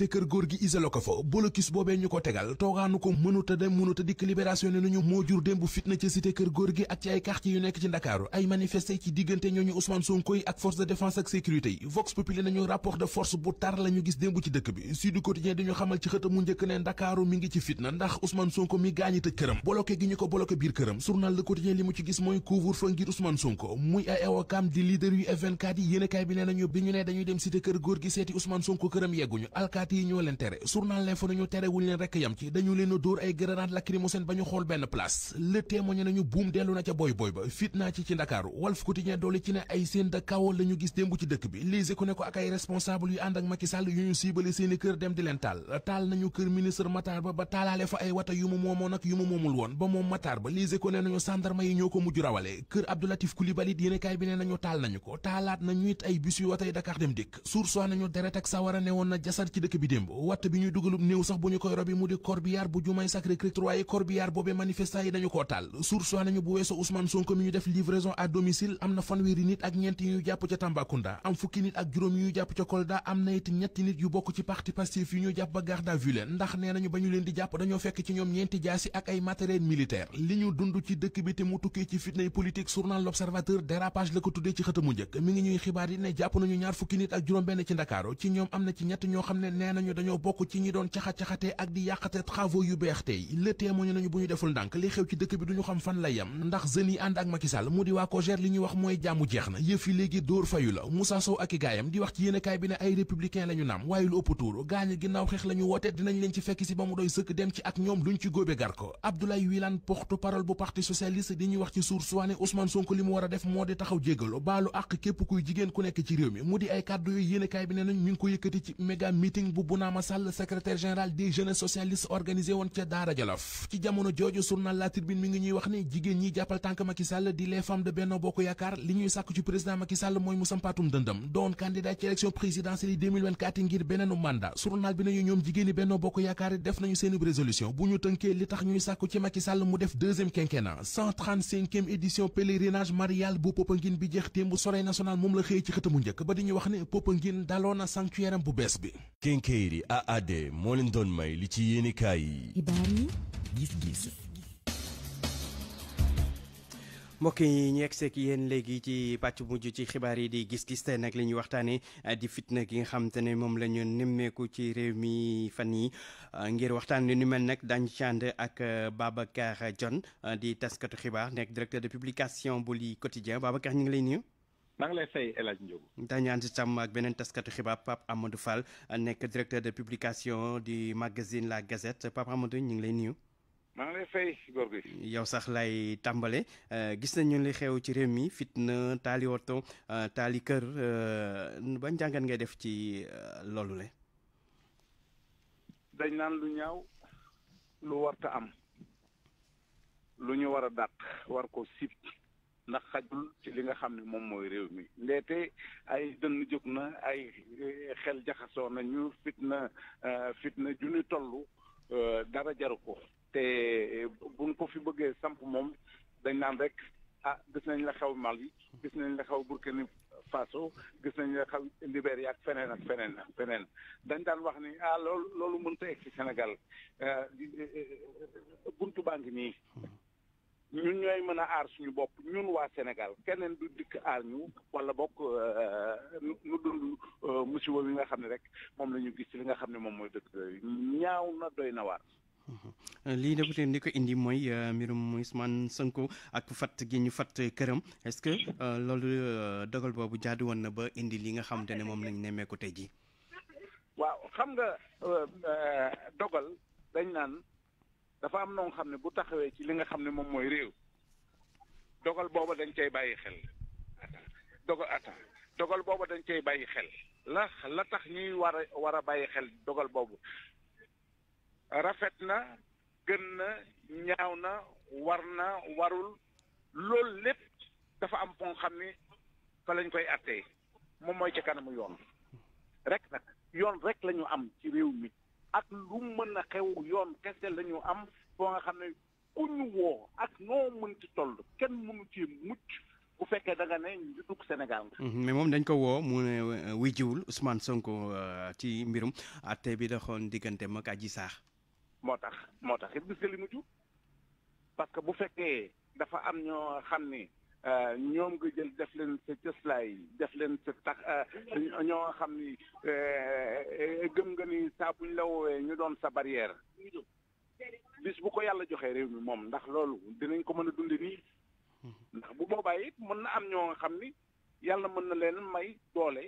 S15: cité kër góor gi isolé ko fa bolokis boobee ñu ko tegal toogaanu ko mënuta dem mënuta dikk libération ne nañu moo jur démb fitna ci cité kër góor gi ak ci ay quartier yu nekk ci ndakaaru ay manifesté ci diggante ñooñu Ousmane Sonko yi ak force de défense ak sécurité yi Vox Populi nañu rapport de force bu tar la gis démb ci dëkk bi Sud Quotidien dañu xamal ci xët njëkk ne ndakaaru mi ngi ci fitna ndax Ousmane Sonko mi gaañi tëj këram bloqué gi ko bloqué biir këram journal Le Quotidien li mu ci gis mooy couvre bi nee nañu bi ne dañuy dem cité kër gi seeti Ousmane Sonko këram yegguñu alkaati sàkkat yi nañu tere leen rekk yam ci dañu leen a dóor ay grenade lacrymogène ba ñu xool benn place le témoigne nañu buum dellu na ca boy boy ba fit ci ci ndakaaru Walf Quotidien doole ci ne ay seen de kawo gis démb ci dëkk bi lise ku ne ko ak ay responsable yu ànd ak Macky yu ñu siibale seeni kër dem di leen taal taal nañu kër ministre Matar Ba ba taalaale fa ay wata yu mu moomoon ak yu mu moomul woon ba moom Matar Ba lise ko bi watt bi ñuy dugalub néew sax bu ñu koy robi mu di corbillard bu jumaay Sacré-Cœur 3 yi corbillard boobee yi dañu koo taal source nañu bu weesoo Ousmane Sonko mi ñu def livraison à domicile am na fanweeri nit ak ñeent yu ñu jàpp ca Tambacounda am fukki nit ak juróom yu ñu jàpp ca Kolda am na ñetti nit yu bokk ci parti Pastef yu ñu jàpp ba garde à vue ndax nee nañu ba ñu leen di jàpp dañoo fekk ci ñoom ñeenti jaasi ak ay matériel militaire nee nañu dañoo bokk ci ñi doon caxat-caxatee ak di yàqate travaux yu BRT yi le témoigne nañu bu ñu deful ndànk li xew ci dëkk bi duñu xam fan lay yem ndax jeunes yi ànd ak Macky mu di waa ko gère li ñuy wax mooy jàmmu jeex na yëf yi léegi dóor fayu la Moussa Sow ak i gaayam di wax ci yéenekaay bi ne ay républicain la naam waaye lu ëpp tuur gaañu ginnaaw xeex la woote dinañ leen ci fekk si ba mu doy sëkk dem ci ak ñoom luñ ci góobe gar ko Abdoulaye bu Bounama Sall secrétaire général des jeunes socialistes organisé woon ca Daara Jolof ci jamono jooju journal La Tribune mi ngi ñuy wax ne jigéen ñi jàppal tànk Macky di les femmes de Benno Bokk Yaakaar li ñuy sàkk ci président Macky mooy mu sampaatum dëndam doon candidat ci élection présidentielle yi 2024 ngir beneenu mandat journal bi nañu ñoom jigéen Benno Bokk Yaakaar def nañu seen résolution bu ñu tënkee li tax ñuy sàkku ci Macky mu def deuxième Kaïry AAD moo leen doon may li ci yéenekaay
S1: yi.
S3: yi
S6: gis
S2: mbokk yi ñu egseeg yéen léegi ci pàcc mujj ci xibaar yi di gis-gis tey nag li ñuy waxtaanee eh, di fitna gi nga xam ne moom la ñu nemmeeku ci réew mi fan yi eh, ngir waxtaan li nu mel nag dañ ci ak eh, Babacar Dione di taskatu xibaar nekk directeur de publication bu li quotidien Babacar ñu ngi lay nuyu. maa ngi lay fay El Hadj Ndiogou. daañu ci càmm ak beneen taskatu xibaar Pape Amadou Fall nekk directeur de publication du magazine La Gazette Pape Amadou ñu ngi lay nuyu. yow sax lay tàmbale euh, gis nañu li xew ci réew mi fitna taali oto euh, taali kër euh, ba jàngat ngay def ci loolu le
S4: dañ naan lu ñaaw lu warta am lu ñu war a war ko sip. ndax xajul ci li nga xam ne moom mooy réew mi ndeete ay dënn jóg na ay eh, xel jaxasoo na ñu fitna eh, fitna ju ñu tollu eh, dara jaru ko te buñ ko fi bëggee samp moom dañ naan rek ah gis nañ la xew yi gis nañ la xew Burkina Faso gis nañ la xew yi ak feneen ak feneen ak feneen dañ daan wax ni ah loolu loolu mënta egg ci Sénégal buntu baa ngi nii ñun ñooy mën a aar suñu bopp ñun waa Sénégal keneen du dikk aar ñu wala bokk euh, nu dund euh, musiba bi nga xam ne rek moom la ñu gis ci li nga xam ne moom mooy dëkk yooyu ñaaw na doy na waar.
S2: Mm-hmm. lii de bu être li ko indi mooy euh, mbirum Ousmane Sonko ak fatt gi ñu fatt këram est-ce que loolu dogal boobu jaadu woon na ba indi li nga xamante ne moom lañ nemmeeku tey ji
S4: waaw xam nga dogal dañ naan. dafa am noo xam ne bu taxawee ci li nga xam ne moom mooy réew dogal boobu dañ cay bàyyi xel dogal ata dogal dañ cay bàyyi xel la la tax ñuy war a war a bàyyi xel dogal boobu rafet na gën na ñaaw na war na warul loolu lépp dafa am pon xam ni fa lañ koy attee moom mooy ci kanamu yoon rek nag yoon rek lañu am ci réew mi ak lu mën a xew yoon kese la ñu am boo nga xam ne ku ñu woo ak noo mënti toll kenn mënu ci mucc bu fekkee da nga ne ñu dugg Sénégal nga.
S2: Mhm, mais moom dañ ko woo mu ne euh, wuy jiwul Ousmane euh, ci mbirum àtte bi doxoon diggante mag Adji Sarr.
S4: moo tax moo tax it gis nga li mu parce que bu fekkee dafa am ñoo xam ni. Euh, ñoom nga jël def leen sa cëslaay def leen sa tax euh, ñoo xam ni euh, gëm nga ni saa buñ la woowee ñu doon sa barrière bis bu ko yàlla joxee réew mi moom ndax loolu dinañ ko mën a dunde nii ndax bu boobaa it mën na am ñoo nga xam ni yàlla mën na leen may doole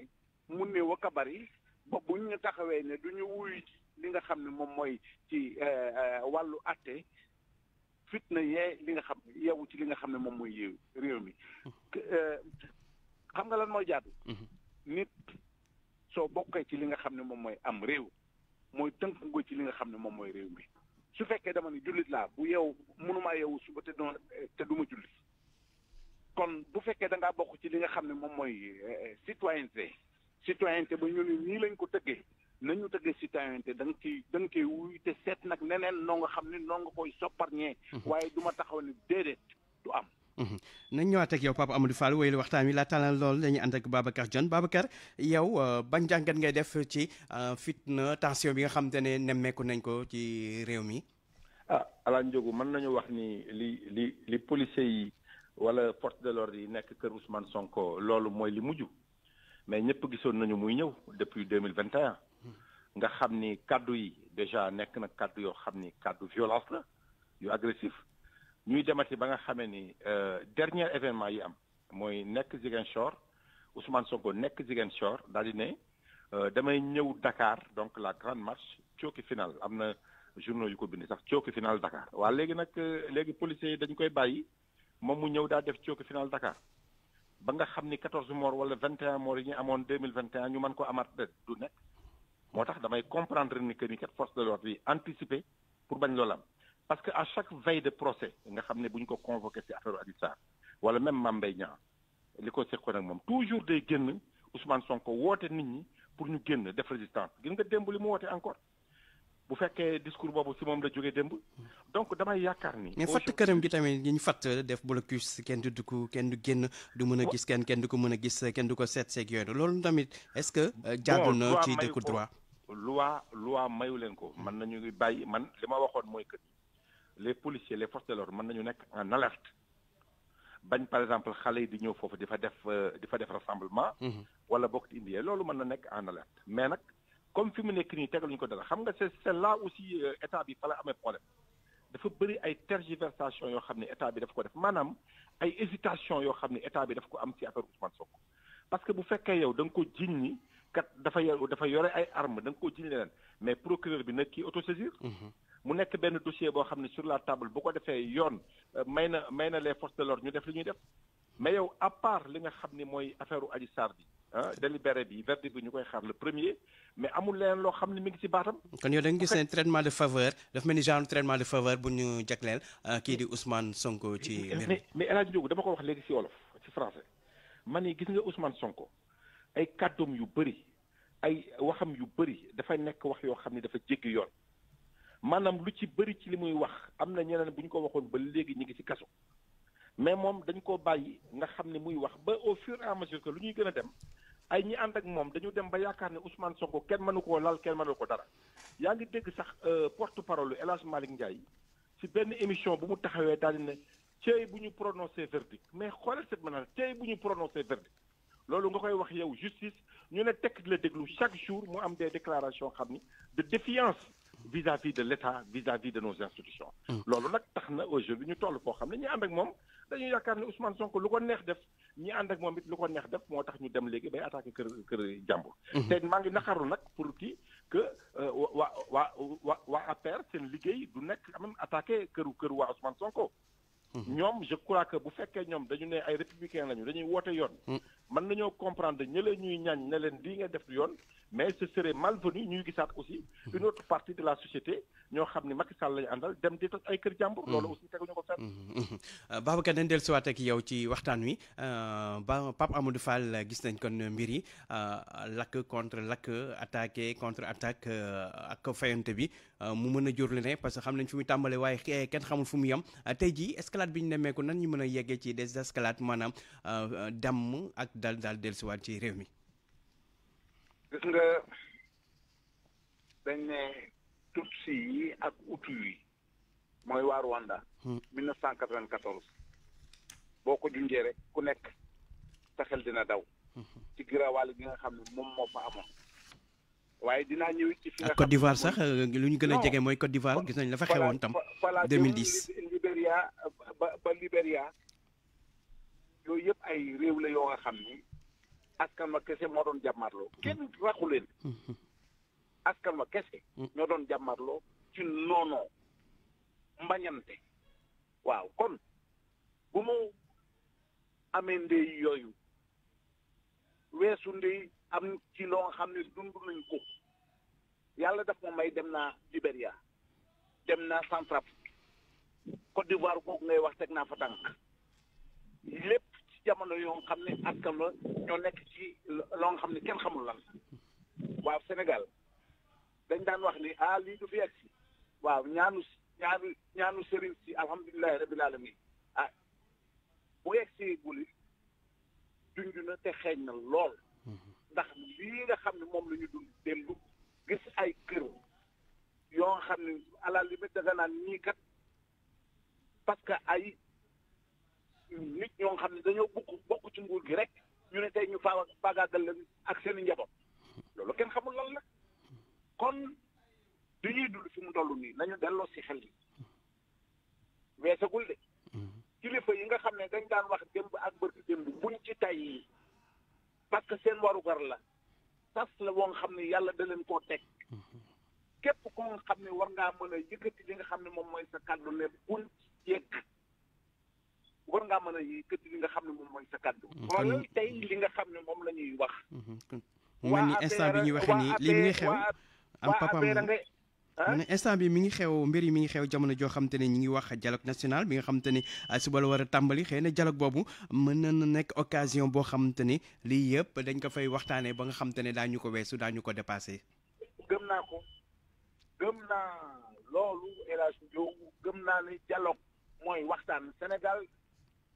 S4: mu néew ak a bari ba buñ ñu taxawee ne du ñu wuyu li nga xam ne moom mooy ci wàllu àtte fitna yee li nga xam yeewu ci li nga xam ne moom mooy yéew réew mi mm-hmm. euh, xam nga lan mooy jaadu mm-hmm. nit soo bokkee ci li nga xam ne moom mooy am réew mooy tënk nga ci li nga xam ne moom mooy réew mi su fekkee dama ni jullit laa bu yeewu mënumaa yeewu suba te doon te du ma julli kon bu fekkee da ngaa bokk ci li nga xam ne moom mooy euh, citoyenneté citoyenneté ba ñu ne nii lañ ko tëggee nañu tëgg ci tayante dang ci dang ci koy wuy te seet nag neneen no nga xamni no nga koy sopparñee mhm. waye duma taxaw ni déedéet du am
S2: mhm. nañ ñëwaat ak yow papa amadou fall wéyal waxtaan wi laataalaan lool dañuy and ak babacar john babacar yow euh, ban jàngat ngay def ci euh, fitna tension bi nga xam tane nemmeeku nañ ko ci réew mi ah ala
S4: njogu man nañu wax ni li li li policier yi wala force de l'ordre yi nekk kër ousmane sonko loolu mooy li mujj mais ñëpp gisoon nañu muy ñëw depuis 2021 nga xam ni kàddu yi déjà nekk na kàddu yoo xam ni kàddu violence la yu agressif ñuy demati ba nga xamee ni euh, dernier événement yi am mooy nekk Ziguinchor Ousmane Sonko nekk Ziguinchor daal di ne euh, damay ñëw Dakar donc la grande marche cooki final am na journaux yu ko bind sax cooki final Dakar waa léegi nag euh, léegi policiers yi dañ koy bàyyi moom mu ñëw daal def cooki final Dakar ba nga xam ni 14 morts wala 21 morts yi ñu amoon 2021 ñu man ko amaat du nekk moo tax damay comprendre ni que ni kat force de l'ordre yi anticiper pour bañ loolu am parce que à chaque veille de procès nga xam ne bu ñu ko convoqué ci affaire Adji Sarr wala même Mame Mbaye Niang li ko seqoon ak moom toujours day génn Ousmane Sonko woote nit ñi pour ñu génn def résistance gis nga démb li mu woote encore bu fekkee discours boobu si moom la jógee démb donc damay yaakaar ni. mais fatt këram
S2: gi tamit ñu fatt def blocus kenn du dugg kenn du génn du mën a gis kenn kenn du ko mën a gis kenn du ko seet seeg yooyu loolu tamit est-ce que. Euh, jaadu na ci dëkku droit
S4: loi loi mayu len ko man hmm. nañu ngi bàyyi man lima waxone moy mooy que les policiers les forces de l'ordre man nañu nek en alerte bagn par exemple xalé yi di ñëw fofu di fa def euh, di fa def rassemblement hmm. wala bokk indié lolu man na nek en alerte mais nak comme fi mu nekk nii tegaluñu ko dara xam nga c'est là aussi euh, état bi fa la amé problème dafa bëri ay tergiversation yo xamni état bi daf ko def manam ay hésitation yo xamni état bi daf ko am ci affaire Ousmane Sonko parce que bu fekkee yow da nga ko jiñ kat dafa yor dafa yore ay arme da nga koo jiñ leneen mais procureur bi nag kii autosaisir mhm. mu nekk benn dossier boo xam ne sur la table boo ko defee yoon euh, may na may na les forces de l'ordre ñu def lu ñuy def mais yow à part li nga xam ni mooy affaire u Adji Sarr bi ah délibéré bi verdict bi ñu koy xaar le premier mais amul leen loo xam ni mi ngi ci baatam.
S2: kon yow da nga gis seen traitement de faveur daf mel ni genre traitement de faveur bu ñu jagleel euh, kii di Ousmane Sonko ci. mais
S4: mais El Hadj Ndiogou ko wax léegi ci wolof ci français man ni gis nga Ousmane Sonko. ay kàddum yu bëri ay waxam yu bëri dafay nekk wax yoo xam ne dafa jéggi yoon maanaam lu ci bëri ci li muy wax am na ñeneen bu ñu ko waxoon ba léegi ñu ngi ci kaso mais moom dañ ko bàyyi nga xam ne muy wax ba au fur et à mesure que lu ñuy gën a dem ay ñi ànd ak moom dañu dem ba yaakaar ne Ousmane Sonko kenn mënu koo lal kenn mënu ko dara yaa ngi dégg sax euh, porte parole El Hadj Malick Ndiaye ci benn émission bu mu taxawee daal di ne ceey bu ñu prononcé verdict mais xoolal cette manière ceey bu ñu prononcé verdict loolu nga koy wax yow justice ñu ne tekk la déglu chaque jour mu am des déclarations xam ni de défiance vis-à-vis de l'État vis-à-vis de nos institutions mm. loolu nag tax na aujourd'hui ñu toll foo xam ne ñu ànd ak moom dañu yaakaar ne Ousmane Sonko lu ko neex def ñi ànd ak moom it lu ko neex def moo tax ñu dem léegi bay attaqué kër kër jàmbur mm-hmm. te maa ngi naqaru nag pour kii que euh, waa waa waa waa APR seen liggéey du nekk quand même attaqué këru këru waa Ousmane Sonko mm-hmm. ñoom je crois que bu fekkee ñoom dañu ne ay républicains lañu dañuy woote yoon mm. mën nañoo comprendre ñële ñuy ñañ ne leen lii nga def du yoon mais ce serait malvenu ñuy gissat aussi mhm. une autre partie de la société ñoo xamni Macky Sall lañu andal dem di ay kër jambour
S2: mhm. lolu aussi ko fenn. Mhm. Euh, ak yow ci waxtaan wi euh, ba pap Amadou Fall gis nañ euh, contre attaqué contre attaque ak fayante bi mu mëna parce que xam nañ fu muy eh, xamul fu contre escalade bi ñu ko nan ñu y a ci des dam ak dal ci réew
S4: gis nga dañ ne tutsi yi ak utu yi mooy waa Rwanda. 1994 hmm. boo ko junjee rek ku nekk sa dina daw. Hmm. ci girawaal gi nga xam ne moom moo fa amoon. waaye dinaa ñëw ci fi Côte d'Ivoire sax
S2: euh, lu ñu gën a jege mooy Côte d'Ivoire gis nañ la fa xewoon tam. 2010
S4: ba yooyu yëpp ay réew la yoo nga xam askan wa kese moo doon jàmmarloo mm-hmm. kenn raxu leen mm-hmm. askan wa kese ñoo mm-hmm. doon jàmmarloo ci noonoo mbañante waaw kon bu mu amee wesundi yooyu weesu am ci loo xam ne dund nañ ko yàlla daf ma may dem naa liberia dem naa Centrafrique Côte d'Ivoire kooku ngay wax teg naa fa tànk lépp jamono yoo xam ne askan la ñoo nekk ci loo nga xam ne kenn xamul lan waaw Sénégal dañ daan wax ni ah lii du fi yegg waaw ñaanu ñaanu ñaanu sëriñ si alhamdulilahi rabil alamin ah bu yegg si guli dund na te xeeñ na lool ndax lii nga xam ne moom la ñu dund démb gis ay kër yoo nga xam ne à la limite da naan ñii kat parce que ay nit ñoo xam ne dañoo bokk bokku ci nguur gi rek ñu ne tey ñu faa faagaagal leen ak seen i njaboot loolu kenn xamul lan la kon di ñuy dund fi mu toll nii nañu delloo si xel yi weesagul de kilifa yi nga xam ne dañ daan wax démb ak bërki démb buñ ci tay yi parce que seen warugar la tas la woo nga xam ne yàlla da leen koo teg képp ko nga xam ne war ngaa mën a yëkkati li nga xam ne moom mooy sa kàddu ne buñ yegg war ngaa mën a gëdd li nga xam ne moom mooy sa kàddu. loolu mm-hmm. moom la ñuy wax.
S2: Mm-hmm. mu mel ni instant bi ñuy waxee nii lii mi ngi xew. am papaam ah? mu ne instant bi mi ngi xew mbir yi mi ngi xew jamono joo xam ne ñu ngi wax dialogue national bi nga xam te ne ah, suba la war a tàmbali xëy na dialogue boobu mën na nekk occasion boo xam te ne lii yëpp dañ ko fay waxtaanee ba nga xam te ne daañu ko weesu daañu ko dépassé.
S4: gëm naa ko gëm naa loolu El Hadj gëm naa ne dialogue mooy waxtaan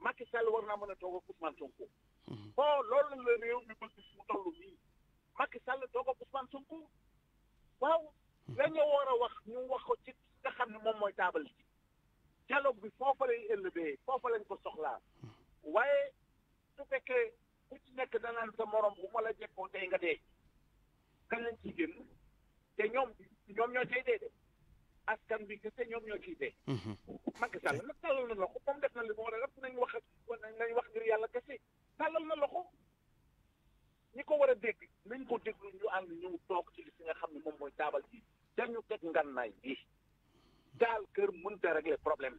S4: Macky Sall war naa mën a toog ak Ousmane Sonko. Mhm. oh loolu la réew mi bëgg Sall toog ak Ousmane Sonko waaw. Mhm. la war a wax ñu wax ko ci nga xam ne moom mooy taabal ji dialogue bi foofa lay élevé foofa lañ ko soxlaa mhm. waaye su fekkee ku ci nekk danaan sa moroom bu ma la jekkoo tey nga dee. kan lañ ciy génn te ñoom ñoom ñoo cay dee de. askan bi gis ñoom ñoo ciy dee. Mhm. Macky Sall nag tàllal na loxo comme def na li mu war a def nañ wax nañ wax ngir yàlla kese tàllal na loxo ñi ko war a dégg nañ ko déglu ñu ànd ñu toog ci li si nga xam ne moom mooy taabal ji dañu teg ngannaay ji daal kër mënut a régler problème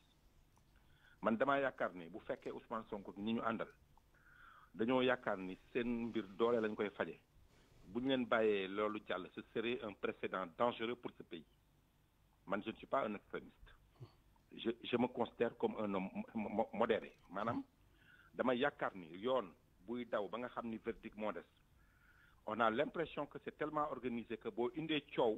S4: man dama yaakaar ni bu fekkee Ousmane Sonko ni ñu àndal dañoo yaakaar ni seen mbir doole lañ koy faje bu leen bàyyee loolu jàll ce serait un précédent dangereux pour ce pays man je ne suis pas un extrémiste je je me considère comme un homme modéré maanaam dama yaakaar ni yoon buy daw ba nga xam ni verdict moo des on a l'impression que c'est tellement organisé que boo indee coow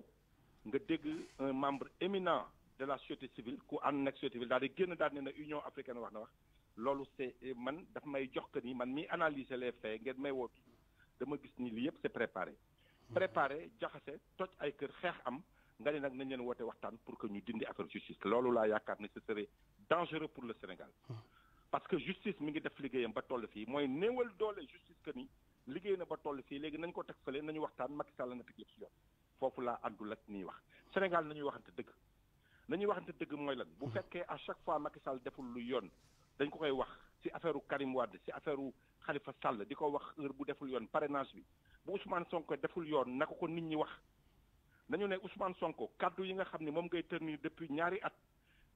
S4: nga dégg un membre éminent de la société civile ko ànd nag société civile daal di genn daal ne na Union africaine wax na wax lolou c'est euh, man daf may jox que ni man mi analyser les faits ngeen may woo dama gis ni li yëpp c'est préparé. préparé jaxase toj ay keur xex am nga ne nag nañ leen woote waxtaan pour que ñu dindi affaire justice lolou la yakkat ni ce serait dangereux pour le Sénégal. parce que justice mi ngi def liggéeyam ba toll fi moy néewal doole justice que ni liggéey na ba toll fi léegi nañ ko tek fële nañu waxtan Macky Sall na tek lépp yoon fofu la àndul ak niy wax Sénégal nañu waxante deug nañuy waxante dëgg mooy lan. bu mhm. fekkee à chaque fois Macky Sall deful lu yoon dañ ko koy wax ci affaire Karim Wade ci affaire Khalifa Sall di ko wax heure bu deful yoon parrainage bi bu Ousmane Sonko deful yoon naka ko nit ñi wax. nañu ne Ousmane Sonko kaddu yi nga xam ni moom ngay tenir depuis ñaari at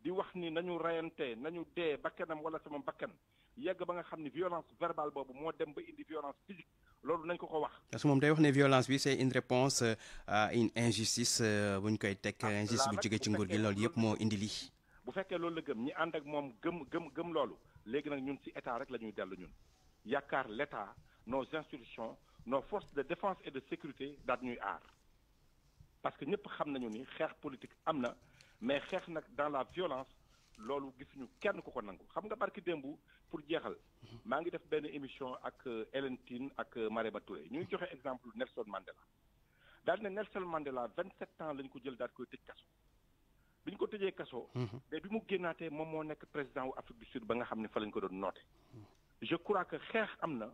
S4: di wax ni na ñu nañu na ñu dee bakkanam wala sama bakkan yegg ba nga xam ni violence verbale boobu moo dem ba indi violence physique. loolu nañ ko ko wax.
S2: parce que moom day wax ne violence bi c' est une réponse à euh, une injustice euh, bu ñu koy teg ah, injustice bu jógee ci nguur gi loolu yëpp moo indi lii.
S4: bu fekkee loolu la gëm ñi ànd ak moom gëm gëm gëm loolu léegi nag ñun ci état rek la ñuy dellu ñun yaakaar l' état nos institutions nos forces de défense et de sécurité daal ñuy aar parce que ñëpp xam nañu ni xeex politique am na mais xeex nag dans la violence loolu gisuñu kenn ku ko nangu xam nga barki démb pour jeexal mhm. maa ngi def benn émission ak Elentine euh, ak euh, Mareba Touré ñu ngi mhm. joxe exemple Nelson Mandela daal ne Nelson Mandela 27 ans lañ ko jël daal koy tëj kaso bi ñu ko tëjee kaso. Mhm. mais bi mu génnaatee moom moo nekk président wu Afrique du Sud ba nga xam ne fa lañ ko doon noote. je crois que xeex am na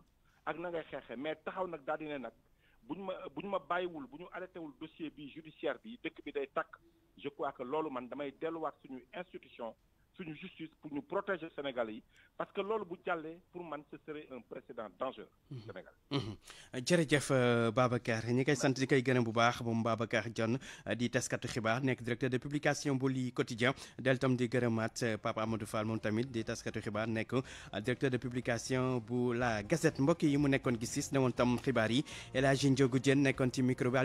S4: ak na ngay xeexee mais taxaw nag daal di ne nag bu ma buñ ma bàyyiwul bu ñu arrêté wul dossier bi judiciaire bi dëkk bi day takk je crois que loolu man damay delluwaat suñu institution suñu justice pour nous protéger Sénégalais parce que loolu bu jàllee pour man ce serait un précédent dangereux.
S6: Mmh. Sénégal.
S2: Mmh. jërëjëf euh, Babacar ñi koy sant di koy gërëm bu baax moom Babacar Dione euh, di taskatu xibaar nekk directeur de publication bu lii quotidien del tam di gërëmaat euh, Papa Amadou Fall moom tamit di taskatu xibaar nekk directeur de publication bu la Gazette mbokk yi mu nekkoon gis-gis tam xibaar yi El Ndiogou nekkoon ci micro